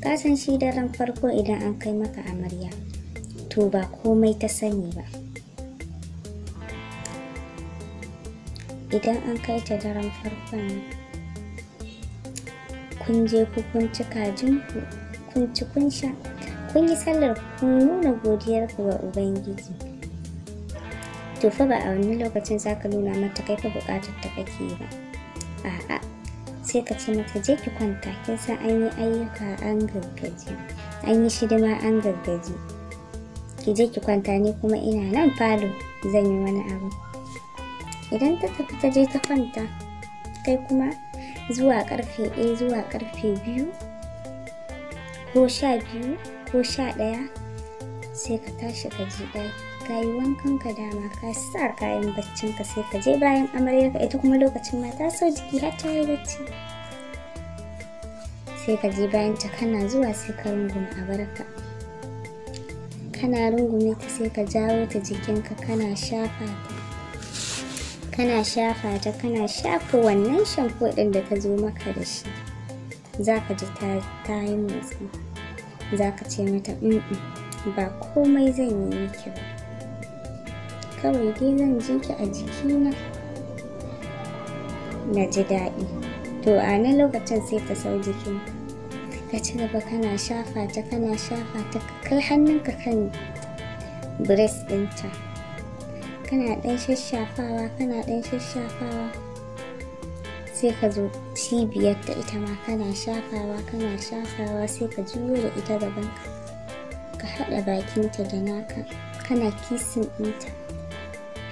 ka san shi daren farko idan an kai maka amarya to ba komai ta sani ba idan an kai ta daren farkon kun je ku kun ci kajin ku kun ci kun sha kun yi sallar kun nuna godiyar ku ga ubangiji to fa ba a wani lokacin zaka nuna mata kai ka bukatar ta kake ba a'a sai ka ce mata je ki kwanta kin san an yi ayyuka an gargaji an yi an gargaji ki je ki kwanta ne kuma ina nan falo zan yi wani abu idan ta tafi ta je ta kwanta kai kuma zuwa karfe ɗaya zuwa karfe biyu ko sha biyu ko sha ɗaya sai ka tashi ka ji ɗaya ka yi wankan ka dama ka sa kayan baccin ka sai ka je bayan amarya ka ita kuma lokacin mata sau jiki har ta yi bacci sai ka je bayan ta kana zuwa sai ka rungume a barka kana rungume ta sai ka jawo ta jikinka kana shafa ta kana shafa ta kana shafa wannan shamfo din da ka zo maka da shi za ka ji ta yi motsi za ka ce mata ba komai zan yi miki ba kawai dai zan ji ki a jikina na ji daɗi to a nan lokacin sai ta sau jikinka ka ci gaba kana shafa ta kana shafa ta kai hannunka kan breast dinta kana ɗan shashafawa kana ɗan shashafawa sai ka zo cibiyar ta ita ma kana shafawa kana shafawa sai ka juyo da ita gaban ka ka haɗa bakinta da naka kana kisin ɗinta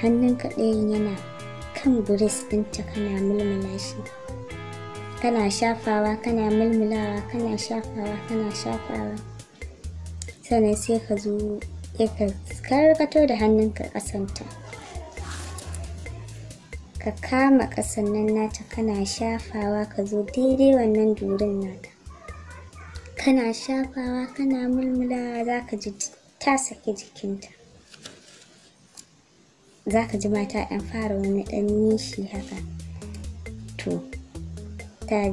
hannunka ɗayan yana kan breast dinta kana mulmula shi kana shafawa kana mulmulawa kana shafawa kana shafawa sannan sai ka zo ya karkato da hannunka kasanta ka kama kasan nan nata kana shafawa ka zo daidai wannan durin nata kana shafawa kana mulmulawa za ka ji ta saki jikinta za ka ji mata yan fara wani dan nishi haka to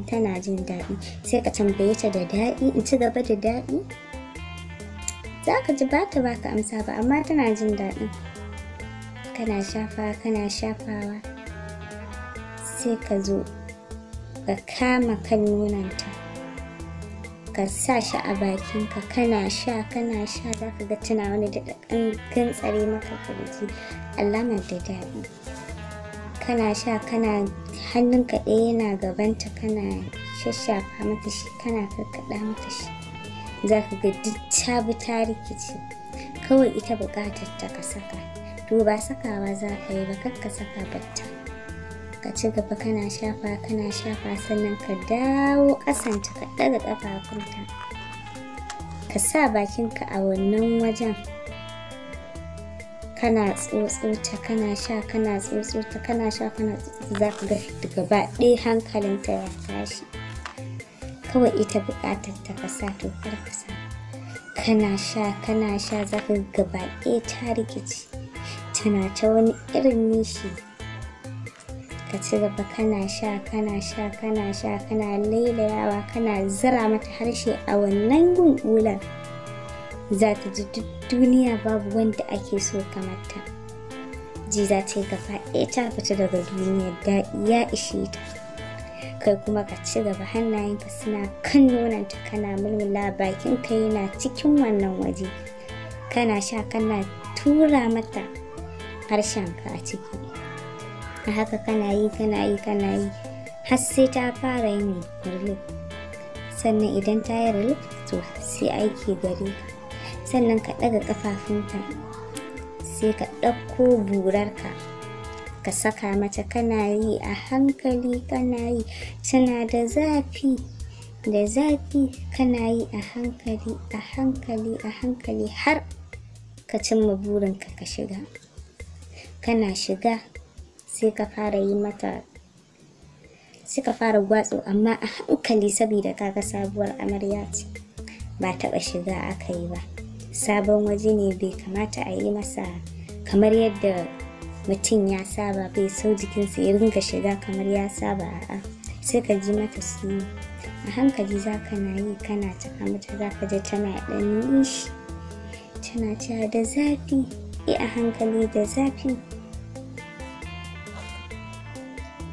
tana jin daɗi sai ka tambaye ta da daɗi in ci gaba da daɗi za ka ji ba ta baka amsa ba amma tana jin daɗi kana shafawa kana shafawa sai ka zo ka kama kan nonanta ka sa shi a bakinka kana sha kana sha za ka ga tana wani da tsare maka kirji alamar da daɗi kana sha kana hannunka ɗaya yana gabanta kana shashafa mata shi kana karkaɗa mata shi za ka ga duk ta bi ta rikici kawai ita buƙatar ta ka saka to ba sakawa za ka yi ba kar ka saka batta ka ci gaba kana shafa kana shafa sannan ka dawo ƙasanta ka ɗaga ƙafafunta ka sa bakinka a wannan wajen kana tsotsota kana sha kana tsotsota kana sha kana za ka ga gaba ɗaya ta ya tashi kawai ita buƙatar ta kasa to kar ka sa kana sha kana sha za ka gaba ɗaya ta rikici tana ta wani irin nishi ka ci gaba kana sha kana sha kana sha kana lailayawa kana zira mata harshe a wannan gungulan za ta ji duk duniya babu wanda ake so kamar ta ji za ta yi gaba ɗaya ta fita daga duniyar daɗi ya ishe ta kai kuma ka ci gaba hannayenka suna kan nonanta kana mulmula bakin ka yana cikin wannan waje kana sha kana tura mata harshen ka a ciki a haka kana yi kana yi kana yi har sai ta fara yin rilif sannan idan ta yi rilif to sai aiki gare ka sannan ka ɗaga ƙafafunka sai ka ɗauko burarka ka saka mata kana yi a hankali kana yi tana da zafi da zafi kana yi a hankali a hankali a hankali har ka cimma burinka ka shiga kana shiga sai ka fara yi mata sai ka fara gwatso amma a hankali saboda kaga sabuwar amarya ce ba taɓa shiga aka yi ba sabon waje ne bai kamata a yi masa kamar yadda mutum ya saba bai sau jikinsa ya ringa shiga kamar ya saba a'a sai ka ji mata su a hankali za ka na yi kana ta mata za ka ji tana ɗan nishi tana cewa da zafi yi a hankali da zafi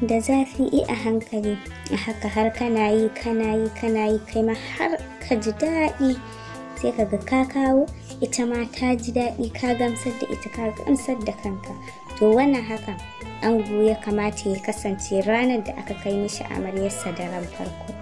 da zafi yi a hankali a haka har kana yi kana yi kana yi kai ma har ka ji daɗi sai ka ga ka kawo ita ma ta ji daɗi ka gamsar da ita ka gamsar da kanka to wannan haka an ya kamata ya kasance ranar da aka kai mishi amaryarsa da farko